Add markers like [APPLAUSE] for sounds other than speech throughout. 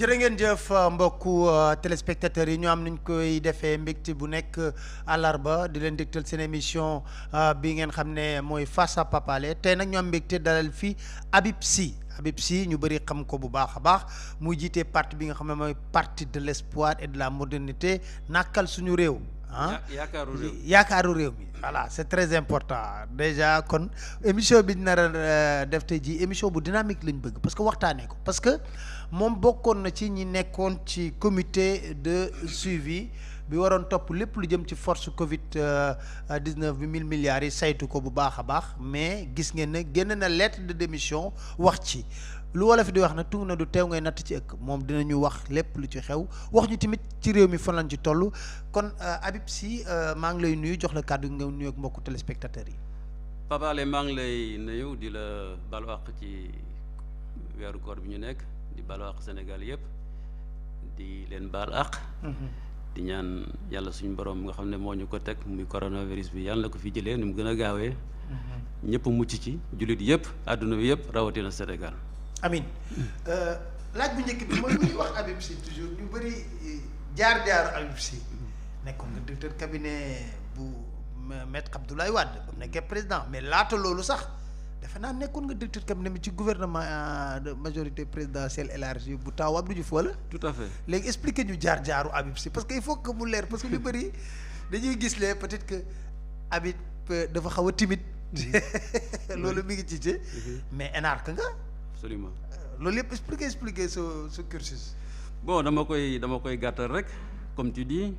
jërë ngeen jëf mbokku euh, téléspectateurs yi ñu am nuñ koy defee mbégte bu nekk àllarba di leen dégtal seen émission euh, bi ngeen xam ne mooy face à Pape Alé tey nag ñu am mbégte dalal fi Habib Sy Habib Sy ñu bëri xam ko bu baax a baax muy jiite parti bi nga xam ne mooy parti de l'espoir et de la modernité nàkkal suñu réew ah hein? yaakaaru réew mi yaakaaru réew mi voilà c'est très important déjà kon émission bi ñu euh, def tey ji émission bu dynamique lañ bëgg parce que waxtaanee ko parce que mom bokkon na ci ñi nekkon ci comité de suivi bi waron top lepp lu jëm ci force Covid 19 euh, bi mille milliards yi saytu ko bu baax a baax mais gis ngeen ne génn na lettre de démission wax ci. lu wala di wax na tuu na du teew ngay natt ci ëkk moom dinañu wax lépp lu ci xew wax ñu tamit ci réew mi fan lañ ci kon euh, Habib si euh, maa ngi lay nuyu jox la kàddu nga nuyu ak mbokku téléspectateurs yi Papa le maa ngi lay nuyu di la balu àq ci weeru koor bi ñu nekk di balu àq Sénégal yépp di leen baal àq mhm. di ñaan yàlla suñu borom nga xam ne moo ñu ko teg muy coronavirus bi yàlla na ko fi jëlee ni mu gën a gaawee mhm. ñëpp mucc ci yépp àdduna bi yépp rawatina Sénégal amin euh, laaj bu njëkk bi mooy bu ñuy wax Habib Sy toujours ñu bëri eh, jaar-jaaru Habib Sy nekkoon nga directeur cabinet bu maître Abdoulaye Wade bu nekkee président mais laata loolu sax defe naa nekkoon nga directeur cabinet bi ci gouvernement euh, de majorité présidentielle élargie bu taw Abdou Diouf wala. tout à fait léegi expliquer ñu jaar-jaaru Habib Sy parce que il faut que mu leer parce que ñu bëri dañuy gis lee peut-être que Habib euh, dafa xaw a timide. Mm-hmm. [LAUGHS] loolu mi ngi ci ci mm-hmm. mais énarque nga. absolument loolu yëpp expliquer expliquer ce cursus. bon dama koy dama koy gàttal rek comme tu dis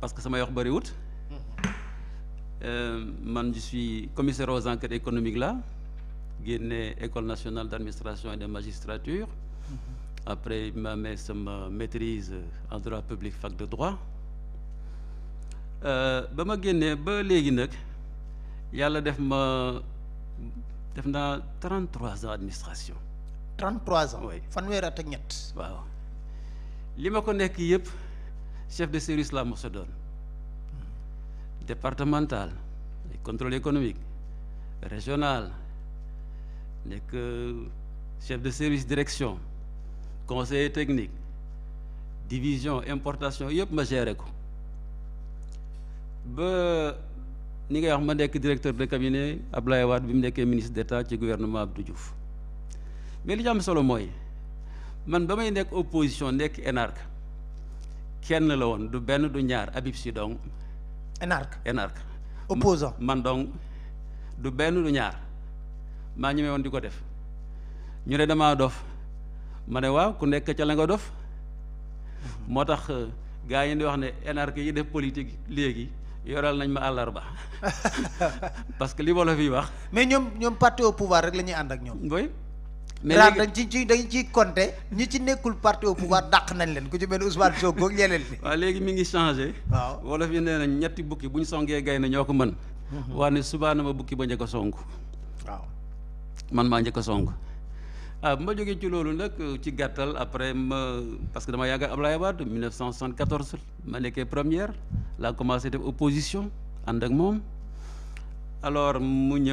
parce que sama yox de man je suis commissaire aux enquêtes économiques là génne école nationale d'administration et de magistrature après ma ma, maîtrise en droit public fac de droit je euh, suis génnee ba léegi nag def ma 33 ans d'administration. 33 ans oui fanweer Ce que je connais, c'est ko chef de service là, mos départemental départemental contrôle économique régional euh, chef de service direction conseiller technique division importation je ma géré ni ngay wax ma nekk directeur de cabinet Abdoulaye Wade bi mu nekkee ministre d'État ci gouvernement Abdou Diouf mais li am solo mooy man ba may nekk opposition nekk énarque kenn la woon du benn du ñaar Habib Sy dong énarque énarque opposant man dong du benn du ñaar maa ñemee woon di ko def ñu ne dama dof ma ne waaw ku nekk ca la nga dof mm-hmm. moo tax euh, gaa yi di wax ne énarque yi def politique léegi yoral nañ ma àllarba [LAUGHS] parce que li wolof yi wax. mais ñoom ñoom parti au rek la ñuy ànd ak ñoom. oui mais léegi dañ ci ci dañ ciy compter ñi ci nekkul parti au pouvoir dàq nañ leen ku ci mel Ousmane Sonko ak ñeneen ñi. waaw léegi mi ngi changé. wolof yi nee nañ ñetti bukki bu ñu songee gaynde ñoo ko man mhm. waa ne subaana ma bukki ba njëkk a song. waaw man maa njëkk a song. Je ah, suis ma ci euh, après parce que 1974 ma première l'a commencé à opposition alors mu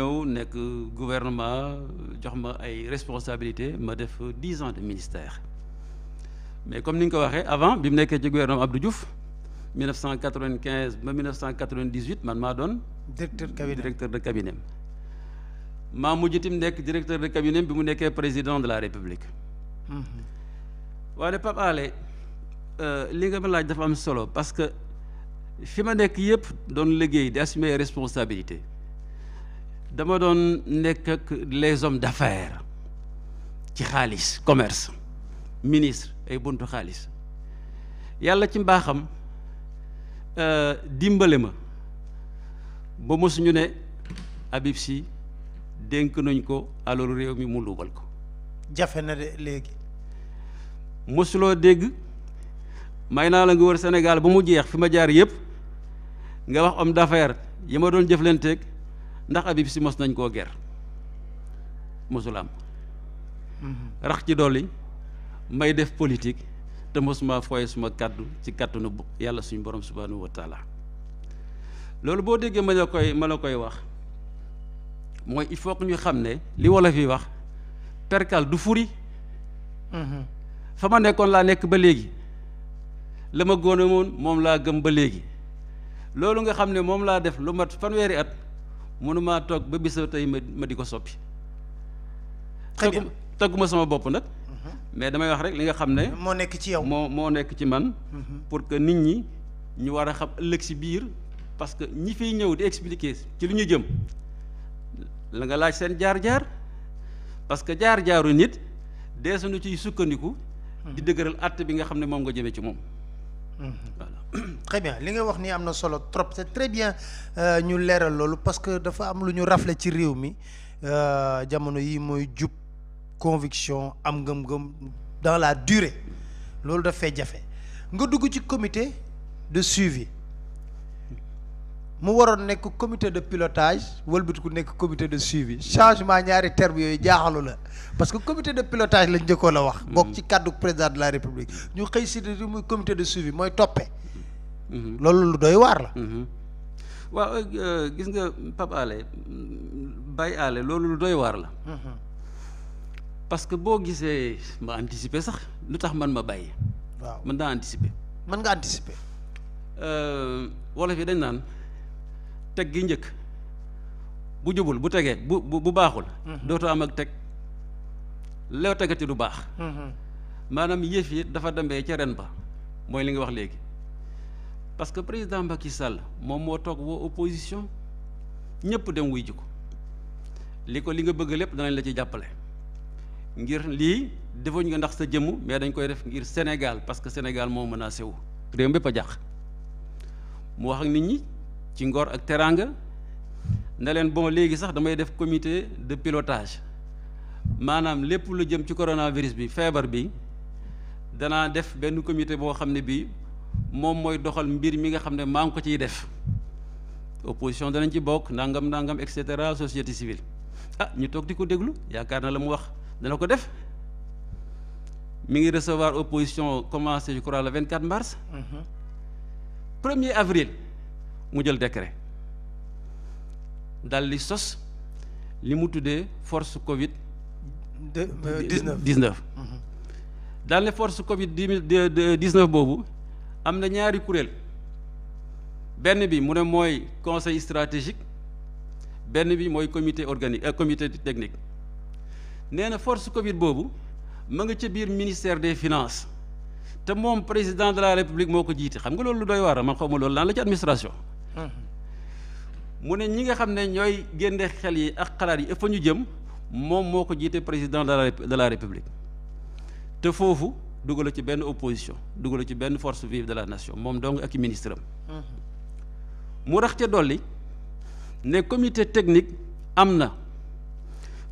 gouvernement jox ma ay ma def dix ans de ministère mais comme ni avant bi ci gouvernement Abdou 1995 1998 man directeur directeur de cabinet je suis directeur de cabinet bi mu président de la république. Je mhm. ne euh, li nga ma dafa parce que fi ma nekk doon liggéey di assumer responsabilité dama doon nekk ak les hommes d'affaires ci xaalis commerce ministre et buntu xaalis yàlla ci mbaaxam euh, dimbale ma ne denk nañ ko alalu réew mi mu lubal ko jafé na légui léegi mosuloo dégg may naa la nga wër sénégal bu mu jeex fi ma jaar yépp nga wax homme d'affaire yima doon ndax abib si mos nañ ko ger mosul am mhm. rax ci doli may def politique te ma fooye suma kaddu ci kàttanu yalla suñu borom subhanahu wa taala lolou bo ma la koy ma la koy wax mooy il faut que ñu xamné li wala fi wax perkal du furi mhm. fa ma nekkoon laa nekk ba légui lama ma góone moon moom gëm ba légui lolu nga xamné mom la def lu mat fan wéri at mënumaa tok ba bisa tay ma diko soppi taggu tagguma sama bopp nag mhm. mais damay wax rek li nga xamné mo moo nekk ci yow mo moo nekk ci man mhm. pour que nit ñi ñu wara xam ëlëk ci biir parce que ñi fi ñëw di expliquer ci li ñu jëm la nga laaj seen jaar-jaar parce que jaar-jaaru nit deesuñu ciy sukkandiku. di dëgëral àtt bi nga xam ne moom nga jëmee ci moom. voilà mm-hmm. li nga wax ni am na solo trop c'est très bien euh, ñu leeral loolu parce que dafa am lu ñu rafle ci réew mi euh, jamono yi mooy jub conviction am ngëm-ngëm dans la durée loolu daf jafe nga dugg ci comité de suivi. mu waroon nekk comité de pilotage wëlbati ku nekk comité de suivi changement ñaari terme yooyu jaaxalu la parce que comité de pilotage lañ njëkkoon la wax. bokk ci kàddu président de la république ñu xëy si di muy comité de suivi mooy topé. Mhm. loolu lu doy waar la. Mhm. waaw euh, gis nga Pape Alé Bay Alé loolu lu doy waar la. Mhm. parce que boo gisee ma anticiper sax lu tax man ma bàyyi. waaw man naa anticiper. mën nga anticiper. Euh, wolof yi dañ naan. Tek gi njëkk bu jubul bu tege bu baaxul mhm. doto am ak tek leew tegati du baax mhm. manam yef yi dafa dembee ci ren ba moy li nga wax legi parce que président Macky Sall mom mo tok wo opposition ñëpp dem wuy ji liko li nga bëgg lepp dañ la ci jappalé ngir li defuñ nga ndax sa jëm mais dañ koy def ngir Sénégal parce que Sénégal mo menacé wu réew mbé pa jax mu wax ak nit ñi ci ngor ak teraanga ne bon léegi sax damay def comité de pilotage manam lepp lu jëm ci coronavirus bi fièvre bi dana def ben comité bo xamné bi mom moy doxal mbir mi nga xamné mang ko ci def opposition danañ ci bok, ndangam ndangam etc. société civile ah ñu tok diko ko déglu yaakaar na la wax dana ko def mi ngi recevoir opposition commencé je crois le 24 mars. 1er mm-hmm. avril mu jël décret dal li sos li mu tuddee force Covid. 19. dix neuf dix ne force Covid dix neuf boobu am na ñaari kuréel benn bi mu ne mooy conseil stratégique benn bi mooy comité organique euh, comité technique nee na force Covid boobu mu nga ca biir ministère des finances te moom président de la république moo ko jiite xam nga loolu lu doy waar man xaw ma loolu lan la ci administration mu ne ñi nga xam ne ñooy génne xel yi ak xalaat yi jëm président de la de la république te foofu dugalu ci bén opposition dugalu ci force vive de la nation mom dong ak ministre am mm-hmm. mu rax ca ne comité technique amna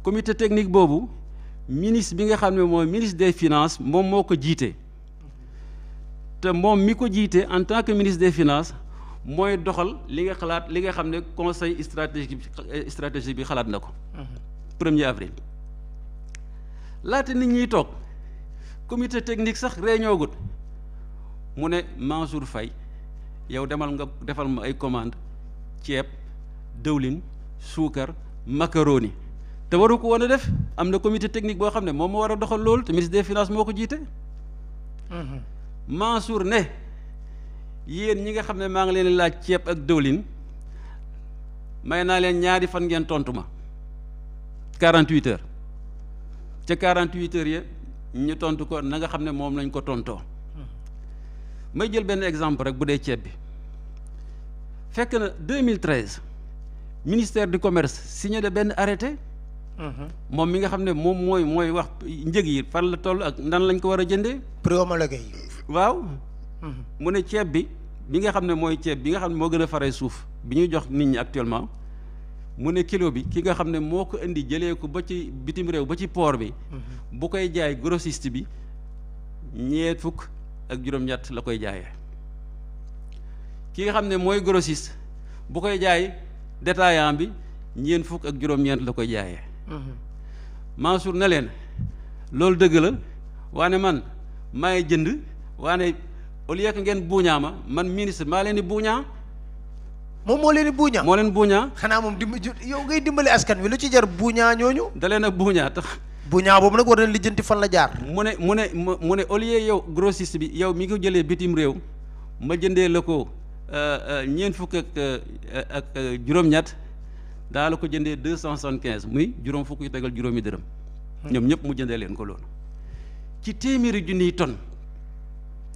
comité technique bobu, ministre bi nga xam ministre des finances moom moo ko te moom mi ko en tant que ministre des finances mooy doxal li nga xalaat li nga xam ne conseil stratégique bi stratégique bi xalaat na ko. Mhm. premier avril. laata nit ñiy toog comité technique sax réunion gut mu ne Mansour Faye yow demal nga defal ma ay commande ceeb dëwlin suukar macaroni te waru ko woon def am na comité technique boo xam ne moom moo war a doxal loolu te ministre des finances moo ko jiite. Mhm. Mansour ne. yéen ñi nga xam ne maa ngi leen laaj ceeb ak dëwlin may naa leen ñaari fan ngeen tontu ma 48 heures ca 48 heures ya ñu tontu ko na nga xam ne moom lañ ko tontoo may jël benn exemple rek bu dee ceeb bi fekk na 2013 ministère du commerce signé de benn arrêté. Mhm. moom mi nga xam ne moom mooy mooy wax njëg yi fan la toll ak nan lañ ko war a jëndee. prix homologué yi waaw. mu ne ceeb bi bi nga xam ne mooy ceeb bi nga xam ne moo gën a fare suuf bi ñuy jox nit ñi actuellement mu ne kilo bi ki nga xam ne moo ko indi jëlee ko ba ci bitim réew ba ci poor bi mhm. bu koy jaay grossiste bi ñeent fukk ak juróom-ñett la koy jaayee ki nga xam ne mooy grossiste bu koy jaay détaillant bi ñeent fukk ak juróom la koy jaayee mhm. Mansour na leen loolu dëgg la waane man maay jënd waane au lieu ngeen buuñaa ma man ministre maa leen di buuñaa moom moo leen di buuñaa moo leen buuñaa xanaa moom dimb yow ngay dimbali askan wi lu ci jar buuñaa ñooñu da leen a buuñaa tax buuñaa boobu nag war na lijjanti fan la jaar mu ne mu ne mu ne au lieu yow grossiste bi yow mi ko jëlee bitim réew ma jëndee la ko euh, euh, ñeent fukk ak euh, ak juróom-ñett daa ko jëndee deux cent quinze muy juróom fukk tegal juróomi dërëm hmm. ñoom ñëpp mu jëndee leen ko loolu ci téeméeri junniy tonnes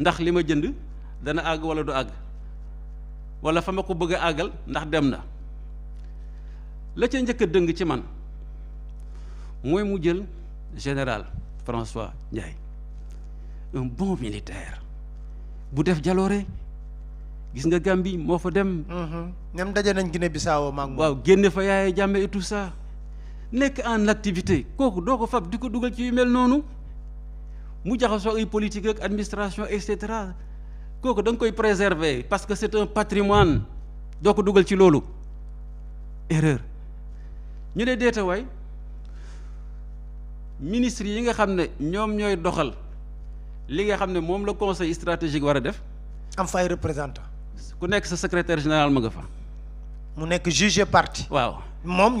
ndax lima jendu, jënd dana walau wala du ag wala fama ko bëgg agal ndax dem na la ca ñëk dëng ci man moy mu jël général François Ndiaye un bon militaire bu def jaloré gis nga gambi mo fa dem. ñoom mhm. daje nañ Guinée Bissau maag moom. waaw génné fa yaay jambe et tout ça nek en activité koku doko fab diko duggal ci yu mel mu politique administration et cetera préserver parce que c'est un patrimoine dougal erreur ñu ne déta way yi nga doxal conseil stratégique wara représentant. ku nekk secrétaire général ma nga fa. mu juge parti. waaw mom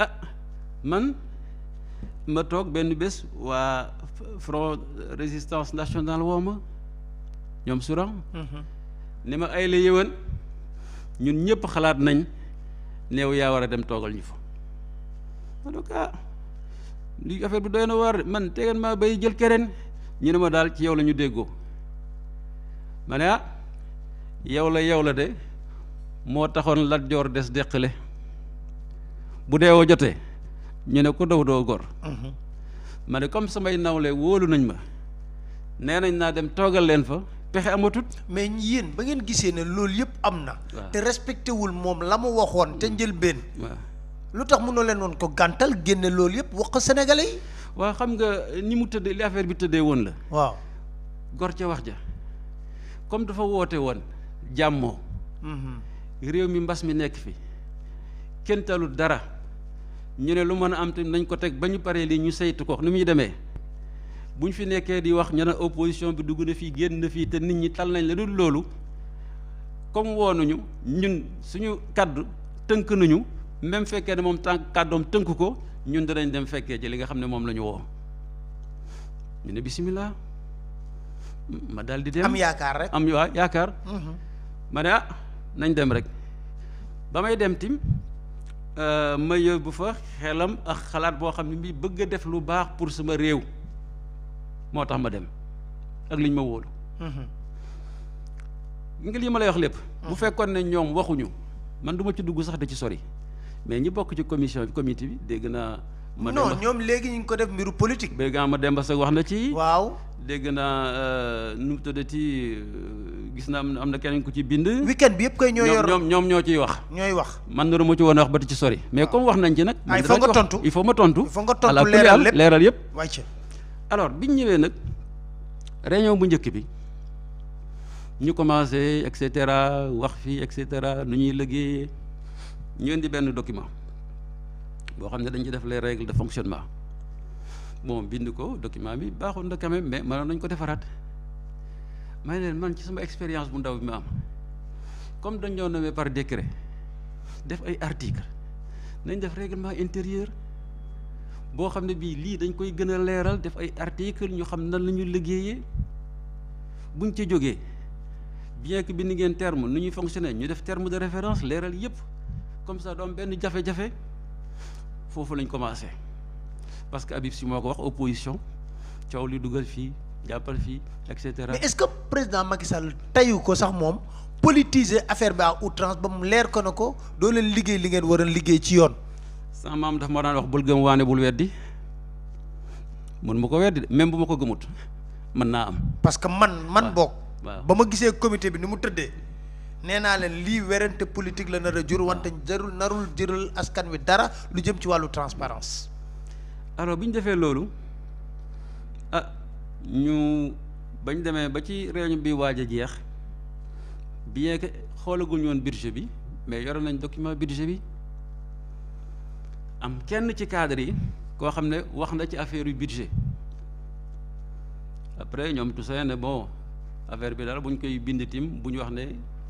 ah man ma toog benn bés waa front résistance nationale woo ma ñoom suran mhm. ni ma ay la ñun ñëpp xalaat nañ neew yaa war a dem toogal ñu fa ma donc ah affaire bi doy na waar man tegan maa bay jël keneen ñu ne ma daal ci yow lañu déggoo mane ne ah yow la yow la de moo taxoon Lat Joor des deqale bu deewoo jotee ñu ne ko daw doo gor mhm. ma ne comme samay nawle woolu nañ ma nee nañ naa dem toogal leen fa pexe amatut mais yéen ba ngeen gisee ne loolu yëpp am na te respecté wul moom la mu waxoon te mm. njëlbeen waaw lu tax mënoo leen woon ko gàntal génne loolu yëpp wax ko sénégalais yi waaw xam nga ni mu tëddee li affaire bi tëddee woon la waaw gor ca wax ja comme dafa woote woon jàmmoo mhm. réew mi mbas mi nekk fi kenn talul dara ñu ne lu mën a am tamit nañ ko teg ba ñu paree lii ñu seytu ko ni muy demee bu ñu fi nekkee di wax ñu ne opposition bi dugg na fii génn na fii te nit ñi tal nañ la dul loolu comme woonuñu ñun suñu kàddu tënk nañu même fekkee ne moom tànk kàddoom tënk ko ñun danañ dem fekkee ci li nga xam ne moom lañu ñu woo ñu ne bisimilah ma daal di dem am yaakaar rek am waa yaakaar mm-hmm. ma ne ah nañ dem rek ba may dem tim Euh, ma bu fa xelam ak xalaat boo xam ne bi bëgg a def lu baax pour sama réew moo tax ma dem ak liñ ma wóolu mhm. nga lii ma lay wax lépp bu mhm. fekkoon ne ñoom waxuñu man du ma ci dugg sax da ci sori mais ñi bokk ci commission bi comité bi dégg naa ma non ñoom léegi ñu ngi ko def mbiru politique. béykat ma demba Seck wax na ci. waaw dégg naa euh, nu mu tuddati euh, gis naa am na keneen ku ci bind. weekend bi yëpp koy ñoo yor ñoom ñoom ñoo ciy wax. ñooy man dara ma ci woon wax ba ci sori. mais ah. comme wax nañ ci nag. Ah, il faut nga tontu il faut ma tontu. il faut nga tontu leeral lépp leeral yëpp. alors ñu ñëwee nag réunion bu njëkk bi. ñu commencé et cetera wax fii et cetera nu ñuy liggéeyee ñu indi benn document bo xam dañ ci def les règles de fonctionnement bon bind ko document bi baaxoon na quand même mais mënoon nañ ko defaraat may leen man ci sama expérience bu ndaw bi ma am comme dañ ñoo nommé par décret def ay article nañ def règlement intérieur bo xam bi li dañ koy gëna léral def ay article ñu xam nan la ñu buñ ci joggé bien que bi ngeen terme nu ñuy fonctionner ñu def terme de référence léral yépp comme ça doom benn jafe-jafe foofu lañ commencé parce que Abib Sy moo wax opposition coow li dugal fii Fi, fii et cetera. mais est-ce que président Macky Sall Tayou ko sax moom politiser affaire bi à outrance ba mu leer ko na ko doo leen liggéey li ngeen war a liggéey ci yoon. sama maam dafa ma daan wax bul gëm waane bul wedd mën ma ko weddi même bu ma ko gëmut mën naa am. parce que man man bok bama ma gisee comité bi ni mu tëddee nee naa leen lii werante politique la nar a jur wante jarul narul jëral askan wi dara lu jëm ci wàllu transparence alors bi ñu defee loolu ah ñu bañ demee ba ci réunion bi waaj a jeex bien que xoolaguñu woon budget bi mais yore nañ document budget bi am kenn ci cadre yi koo xam ne wax na ci affaire yu budget après ñoom tout ça ne bon affaire bi daal buñ koy bind tim bu ñu wax ne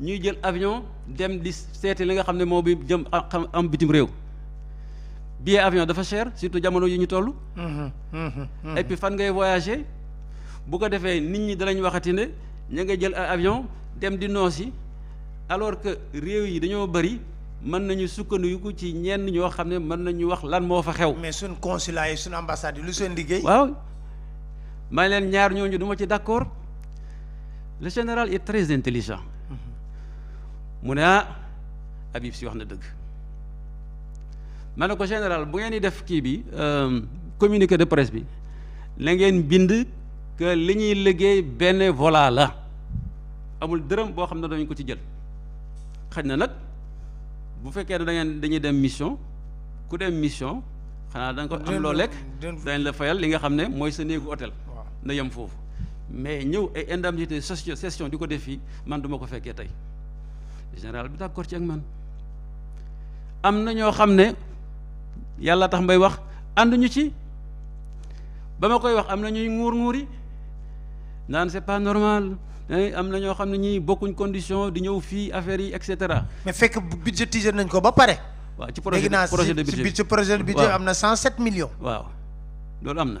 ñuy jël avion dem di seeti li nga xam ne moo bi jëm am bitim réew billet avion dafa cher surtout jamono yi ñu toll. et puis fan ngay voyager bu ko defee nit ñi danañ waxati ne ña nga jël avion dem di noosi alors que réew yi dañoo bëri. mën nañu sukkandiku ci ñenn ñoo xam ne mën nañu wax lan moo fa xew. mais suñ consulat yi suñ ambassade yi lu seen liggéey. waaw may leen ñaar ñooñu du ma ci d'accord le général est très intelligent mu ah, Habib si wax na dëgg ma ne ko bu ngeen def ki bi euh communiqué de presse bi la ngeen bind que liñuy ñuy liggéey vola la amul dërëm boo xam ne dañ ko ci jël xaj na nag bu fekkee ne da ngeen dañuy dem mission ku dem mission xanaa da nga ko am loo lekk dañ la fayal li nga xam ne mooy sa néegu hôtel na yem foofu mais ñëw ay indemnité session di ko def fii man du ma ko fekkee tey général bi d'accord ci ak man am na ñoo xam ne yàlla tax mbay wax ànduñu ci ba ma koy wax am na ñuy nguur nguuri naan c'est pas normal am na ñoo xam ne ñii bokkuñ condition di ñëw fii affaire yi et cetera. mais fekk budgétiser nañ ko ba pare. waaw ci projet de budget léegi naa ci projet de budget am na 107 millions. waaw loolu am na.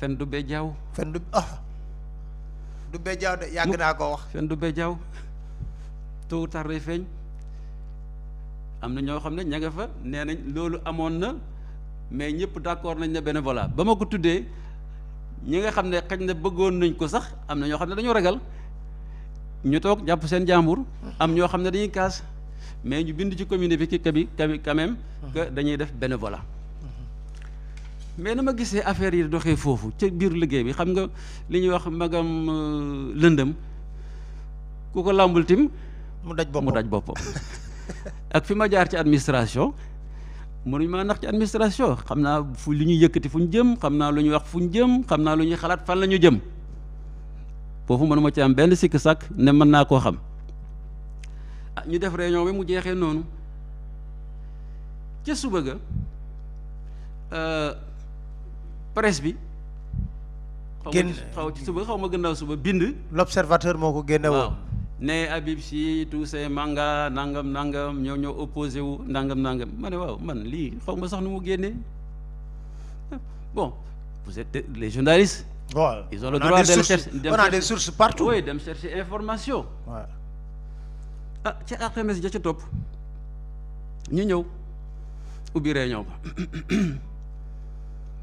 fen du bee jaaw fen du ah du bee jaaw de yàgg naa koo wax fen du bee jaaw tôt ou day feeñ am na ñoo xam ne ña nga fa nee nañ loolu amoon na mais ñëpp d'accord nañ ne bénévolat ba ma ko tuddee ñi nga xam ne xëy na bëggoon nañ ko sax am na ñoo xam ne dañu ragal ñu toog jàpp seen jàmbur am ñoo xam ne dañuy kaas mais ñu bind ci communauté bi ki ka bi quand même que dañuy def benn bénévolat mais na ma gisee affaire yi doxee foofu ca biir liggéey bi xam nga li ñuy wax magam euh, lëndëm ku ko làmbul tim mu daj boppam mu daj boppam ak fi ma jaar ci administration mënuñ maa ndax ci administration xam naa li ñuy yëkkati fu ñu jëm xam naa lu ñuy wax fu ñu jëm xam naa lu ñuy xalaat fan la ñu jëm foofu mënuma ci am benn sikk sàkk ne mën naa koo xam ah ñu def réunion bi mu jeexee noonu ca suba ga euh, presse bi. génn xaw ci suba xaw ma gënnaaw suba bind. l'observateur moo ko génne woon. ne Habib Sy tous manga nangam nangam ñoo ñoo opposé wu nangam nangam ma ne waaw man lii xaw ma sax nu mu génnee bon vous êtes les journalistes. waaw ils ont le droit de chercher des sources partout. oui dem chercher information. waaw ah, ci ca alxames ja ca topp ñu ñëw ubbi réunion ba. [CLEARS THROAT]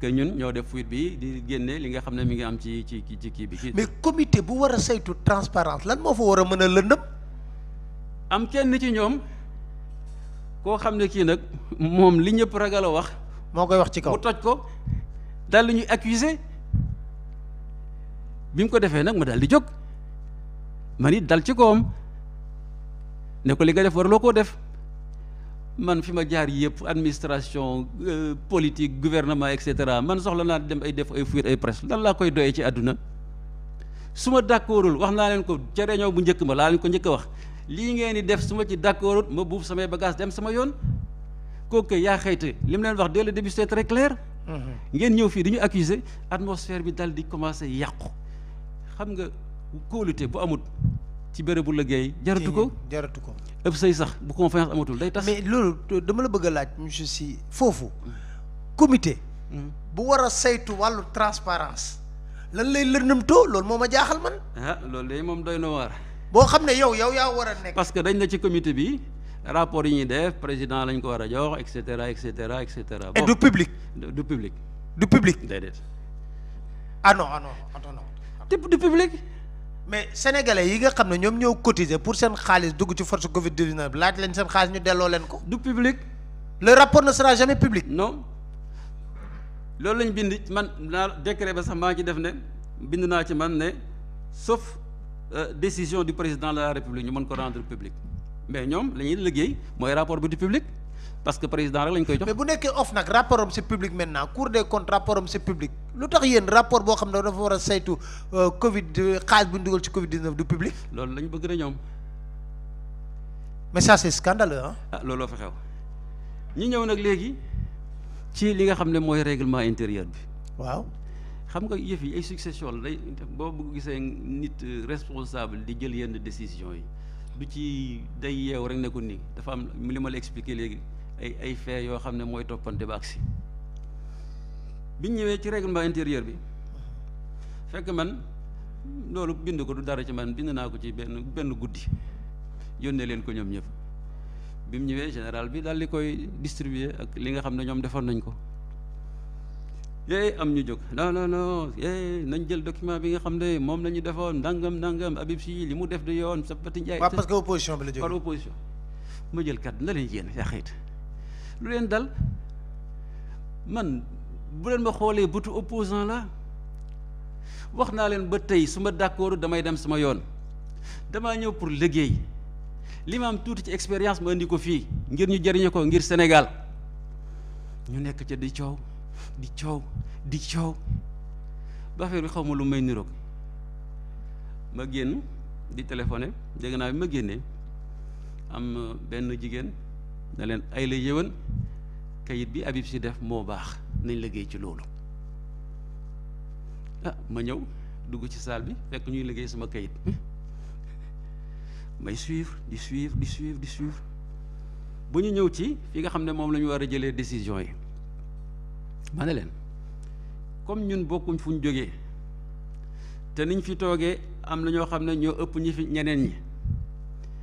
que ñun ñoo def fuite bi di génne li nga xam ne mi ngi am ci ci ci kii bi. mais comité bu war a saytu transparence lan moo fa war a mën a lëndëm. am kenn ci ñoom koo xam ne kii nag moom li ñëpp ragal a wax. moo koy wax ci kaw mu toj ko dal di ñuy accuser bi mu ko defee nag ma daal di jóg man it dal ci kawam ne ko li nga def war loo koo def. man fi ma jaar administration euh, politique gouvernement etc. man soxla naa dem ay def ay presser. ay presse lan laa koy doyee ci àdduna su ma ko ca réunion bu njëkk ma laa ko njëkk ci ma buuf samay bagage dem sama yoon c'est très clair mm-hmm. ngeen ñëw atmosphère bi xam nga bu ci bérébu liggéey jaratu ko jaratu ko ëpp say sax bu confiance amatul day tas mais loolu dama la bëgg a laaj monsieur Sy foofu comité hmm. bu war a saytu wàllu transparence lan lay lëndëmtoo loolu moo ma jaaxal man ah loolu day moom doy na waar boo xam ne yow yow yaa war a nekk parce que dañ la ci comité bi rapport yi ñuy def président lañ ko war a jox etc etc. et cetera du public du public du public déedéet ah non ah non attends non du public mais sénégalais yi nga xam ne ñoom cotiser pour seen xaalis dugg ci force Covid 19 laaj leen seen xaalis ñu delloo leen ko. du public. le rapport ne sera jamais public. non loolu lañ bind man naa décret ba sax ci def ne bind naa ci man sauf euh, décision du président de la république ñu mën ko rendre public mais ñoom la ñuy liggéey mooy rapport bi du public parce que président rek lañ koy jox. mais bu nekkee off nag rapport c'est public maintenant cour des comptes rapport c'est public. lu tax yéen rapport boo xam ne dafa war a saytu euh, Covid xaalis bu ñu dugal ci Covid 19 du public. loolu la ñu bëgg na ñoom. mais ça ah. looloo fa xew ñu ñëw nag léegi ci li nga xam ne mooy réglement intérieur bi. waaw xam nga yëf yi ay succession la day boo bëgg gisee nit euh, responsable di jël yenn décision yi du ci day yeew rek ne ko nii dafa am li ma la expliqué léegi ay ay fait yoo xam ne mooy toppante ba agsi biñ ñëwee ci règlement intérieur bi fekk man loolu bind ko du dara ci man bind naa ko ci benn benn guddi yónnee leen ko ñoom ñëf bi mu ñëwee général bi daal di koy distribuer ak li nga xam ne ñoom defoon nañ ko yee am ñu jóg non non non nañ jël document bi nga xam ne moom la ñu defoon ndangam ndangam Habib Sy li mu def di yoon sa pati Ndiaye. waaw parce que opposition bi la jógee par opposition. ma jël kat na leen yéen yaa lu leen dal man. bu leen ma xoolee bëtu opposant la wax naa leen ba tey su ma d'accord damay dem sama yoon damaa ñëw pour liggéey li ma am tuuti ci expérience ma indi ko fii ngir ñu jëriñu ko ngir Sénégal ñu nekk ca di coow di coow di coow ba affaire bi xaw ma lu may niroog ma génn di téléphone dégg naa bi ma génnee am benn jigéen ne leen ay la yëwan kayit bi Habib Sy def moo baax nañ liggéey ci loolu ah ma ñëw dugg ci saal bi fekk ñuy liggéey sama kayit may suivre di suivre di suivre di suivre bu ñu ñëw ci fi nga xam ne moom lañu war a jëlee décision yi ma leen comme ñun bokkuñ fu ñu jógee te niñ fi toogee am na ñoo xam ne ñoo ëpp ñi fi ñeneen ñi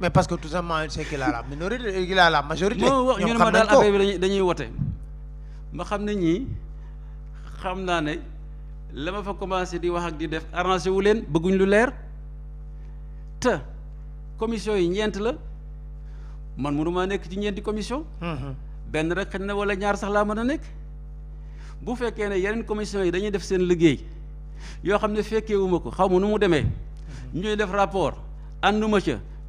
mais parce que tout simplement c'est qu'il a la minorité qu'il a la majorité. ñoom xam nañ ma daal affaire bi dañuy wote ma xam na ñii xam naa ne la ma fa commencé di wax ak di def arrangé wu leen bëgguñ lu leer te commission yi ñeent la man mënumaa nekk ci ñeenti commission. Mhm. benn rek xëy na wala ñaar sax laa mën a nekk. bu fekkee ne yeneen commission yi dañuy def seen liggéey yoo xam ne fekkee wu ma ko xaw ma nu mu demee. Mhm. ñuy def rapport ànduma ca.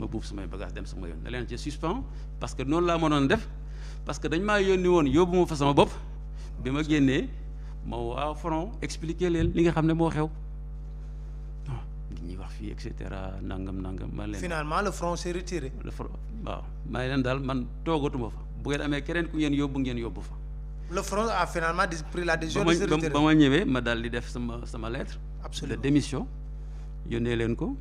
ma buuf sama bagage dem sama yoon ne leen ci suspend parce que noonu laa mënoon def parce que dañ maa yónni woon yóbbu fa sama bopp bi ma génnee ma waa front expliquer leen li nga xam ne moo xew ah, li ñuy wax fii et cetera nangam nangam. ma leen finalement le front s'est retiré. le front waaw maa ngi leen daal man toogatuma fa bu ngeen amee keneen ku ngeen yóbbu ngeen yóbbu fa. le front a finalement pris la décision de se retirer ba ma ñëwee ma daal di def sama sama lettre. absolument de démission yónnee leen ko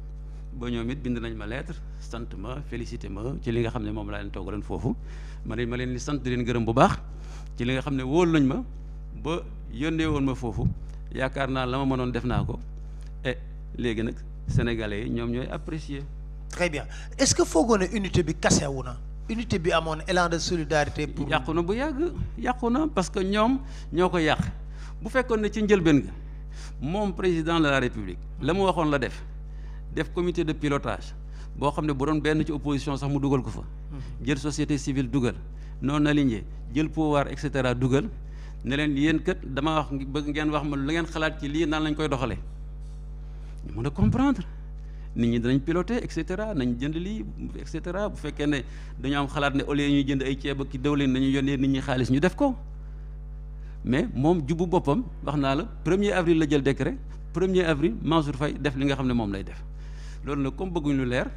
ba ñoom bind nañ ma lettre sant ma félicité ma ci li nga xam mom la laa leen fofu ren ma ne ma leen di sant di leen gërëm bu baax ci li nga xam wol nañ ma ba yónnee woon ma fofu yaakaar naa la ma mënoon def naa e léegi nag sénégalais ñom ñoy apprécier. très bien est-ce que foogoo ne unité bi kasewu wuna unité bi amone élan de solidarité. pour yàqu bu yag yàqu parce que ñom ñoko yak bu fekkone ne ci njëlbeen nga moom président de la république la mu la def def comité de pilotage bo xamné ne bu doon benn ci opposition sax mu dugal ko fa. jël société civile dugal non aligné jël pouvoir et cetera dugal ne leen yéen kat dama wax bëgg ngeen wax ma lu ngeen xalaat ci li nan lañ koy doxalé ñu mën comprendre nit ñi dinañ piloter et cetera nañ jënd lii et cetera bu fekké né dañu am xalaat né au lieu ñu jënd ay ceeb ak ki dawlin nañu yónnee nit ñi xaalis ñu def ko. mais mom jubbu bopam wax na la 1er avril la jël décret 1er avril Mansour Faye def li nga xamné mom lay def. loolu nag comme bëgguñ lu leer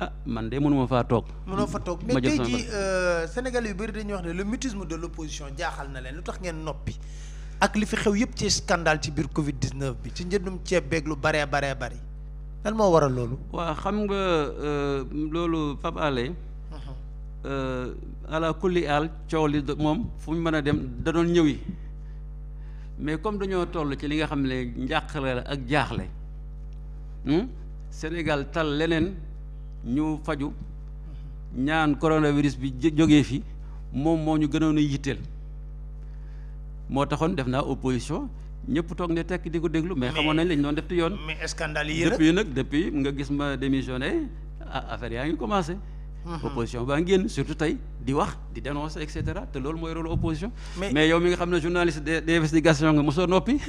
ah man de mënuma faa toog. mënoo fa toog mais tey jii euh, Sénégal yu bari dañuy wax ne le mutisme de l' opposition jaaxal na leen lu tax ngeen noppi ak li fi xew yëpp ci scandale ci biir Covid 19 bi ci njëndum ceeb beeg lu baree baree bari lan moo waral loolu. waa xam nga euh, loolu Pape Alé. Uh-huh. Euh, ala kulli aal coow li moom fu ñu mën a dem da doon ñëw mais comme dañoo toll ci li nga xam ne njàqare la ak jaaxle. Hmm? Sénégal tal lenen ñu faju ñaan coronavirus bi joggé fi mom mo ñu gënoon yitel mo taxone taxoon def naa opposition ñepp tok ne tek di déglu. mais xamone lañ doon def ci yoon. mais scandale depuis nak depuis nga gis ma démissionné ah, affaire yaa ngi commencé. Mhm. opposition ba ngi surtout tay di wax di dénoncer et cetera te loolu mooy rôle opposition. mais yow mi nga xam journaliste d'investigation nga mosoo nopi [LAUGHS]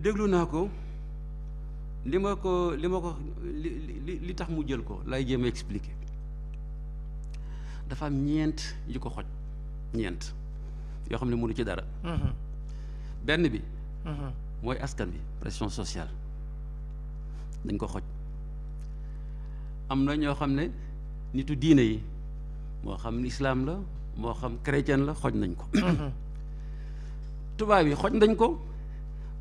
déglu naa ko li ma ko li ma ko li li tax mu jël ko lay jéem a expliquer dafa am ñeent yu ko xoj ñeent yoo xam ne mënu ci dara. Mm-hmm. benn bi. Mm-hmm. mooy askan bi pression sociale dañ ko xoj am na ñoo xam ne nitu diine yi moo xam Islam la moo xam chrétien la xoj nañ ko. Mm-hmm. tubaab yi xoj nañ ko.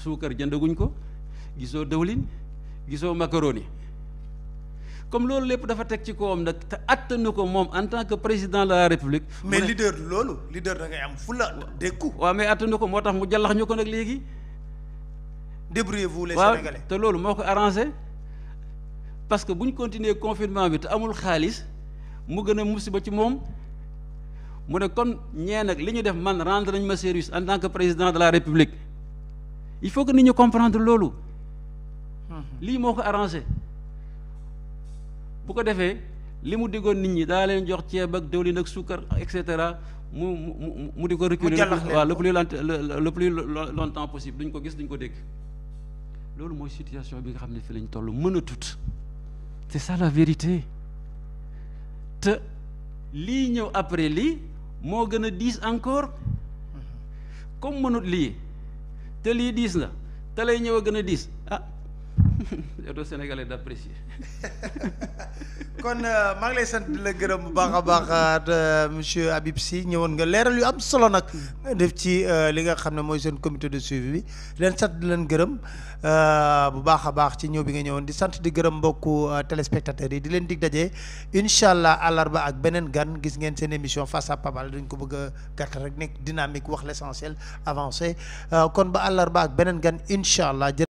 suukar jëndaguñ ko gisoo dëwlin gisoo macaroni comme loolu lépp dafa teg ci kawam nag te attanu ko moom en tant que président de la république. mais leader loolu leader da ngay am fula déggu. waaw mais attanu ko moo tax mu jallax ñu ko nag léegi. débrouillez-vous les te loolu moo ko arrangé parce que bu ñu continuer confinement bi te amul xaalis mu gën a musiba ci moom mu ne kon ñee nag li ñu def man rendre nañ ma service en tant que président de la république. il faut que nit ñu comprendre loolu hmm. li moko ko arrangé bu ko defee li mu diggoon nit ñi daa leen jox ceeb ak diwlin ak sucre et cetera mu mu mu di ko reculer wa le plus le plus longtemps possible duñ ko gis duñ ko dégg loolu moy situation bi nga xamné ne fi lañ toll mën a c'est ça la vérité te li ñëw après li mo gëna a encore hmm. comme mënut li te lii diis na te lay ñëw a gën a diis ah [LAUGHS] auto sénégalais d'apprécier [LAUGHS] kon eh, maa ngi lay sant le la gërëm bu baax a eh, baax monsieur Habib Sy ñëwoon nga leeral yu am solo nag def ci eh, li nga xam ne mooy seen comité de suivi bi leen sant di leen gërëm bu baax a baax ci ñëw bi nga ñëwoon di sant di gërëm mbokku téléspectateurs yi di leen dig daje incha allah àllarba ak beneen gan gis ngeen seen émission face à Pabal dañ ko bëgg a gàtt rek nekk dynamique wax l'essentiel avancé kon ba àllarba ak beneen gan incha allah